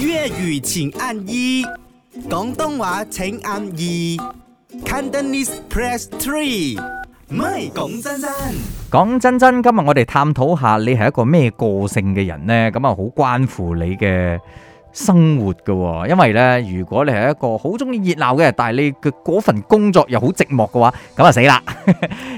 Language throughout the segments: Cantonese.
粵語請按一，廣東話請按二，Cantonese press three，唔係講真真，講真真，今日我哋探討下你係一個咩個性嘅人呢？咁啊，好關乎你嘅生活㗎喎，因為咧，如果你係一個好中意熱鬧嘅人，但係你嘅嗰份工作又好寂寞嘅話，咁啊，死啦！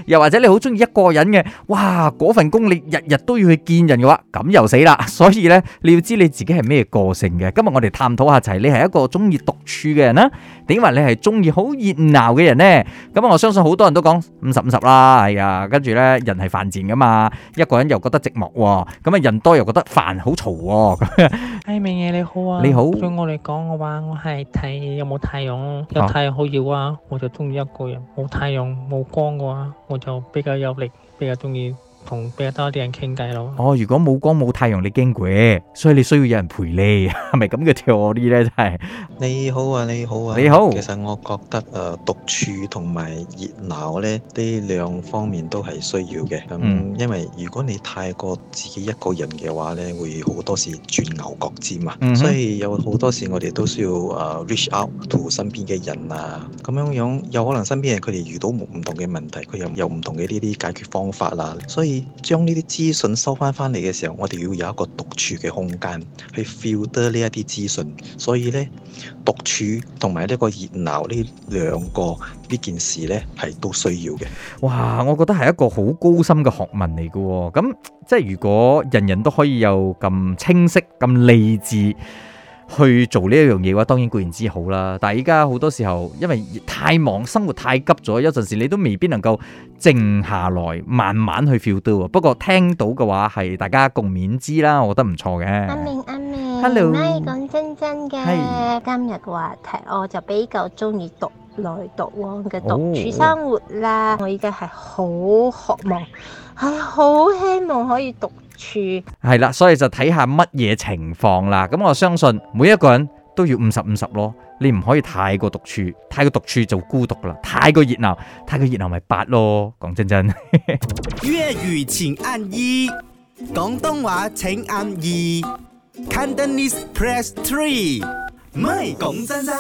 又或者你好中意一個人嘅，哇，嗰份工你日日都要去見人嘅話，咁又死啦！所以咧，你要知你自己係咩個性嘅。今日我哋探討下齊，你係一個中意獨處嘅人啊？點話你係中意好熱鬧嘅人咧？咁啊，我相信好多人都講五十五十啦。哎呀，跟住咧，人係犯賤噶嘛，一個人又覺得寂寞喎，咁啊，人多又覺得煩，好嘈喎。係，明嘢，你好。你好。對我嚟講嘅話，我係睇有冇太陽咯。有太陽好熱嘅話，我就中意一個人；冇太陽、冇光嘅話，我就比較有力，比較中意。同比較多啲人傾偈咯。哦，如果冇光冇太陽，你驚鬼，所以你需要有人陪你，係咪咁嘅 theory 呢？真 係你好啊，你好啊，你好。其實我覺得誒、呃、獨處同埋熱鬧咧，呢兩方面都係需要嘅。咁因為如果你太過自己一個人嘅話咧，會好多時轉牛角尖啊。嗯、哼所以有好多時我哋都需要誒、呃、reach out to 身邊嘅人啊。咁樣樣有可能身邊人佢哋遇到唔同嘅問題，佢又有唔同嘅呢啲解決方法啦。所以將呢啲資訊收翻翻嚟嘅時候，我哋要有一個獨處嘅空間去 filter 呢一啲資訊，所以呢，獨處同埋呢個熱鬧呢兩個呢件事呢，係都需要嘅。哇，我覺得係一個好高深嘅學問嚟嘅。咁即係如果人人都可以有咁清晰、咁理智。去做呢一樣嘢嘅話，當然固然之好啦。但係依家好多時候，因為太忙，生活太急咗，有陣時你都未必能夠靜下來，慢慢去 feel 到。不過聽到嘅話係大家共勉之啦，我覺得唔錯嘅。阿明阿明，Hello，講真真嘅。是今日嘅話題，我就比較中意獨來獨往嘅獨處生活啦。我依家係好渴望，係好希望可以獨。處係啦，所以就睇下乜嘢情況啦。咁我相信每一個人都要五十五十咯。你唔可以太過獨處，太過獨處就孤獨噶啦。太過熱鬧，太過熱鬧咪八咯。講真真。粵語請按一，廣東話請按二，Cantonese press three。唔係講真真。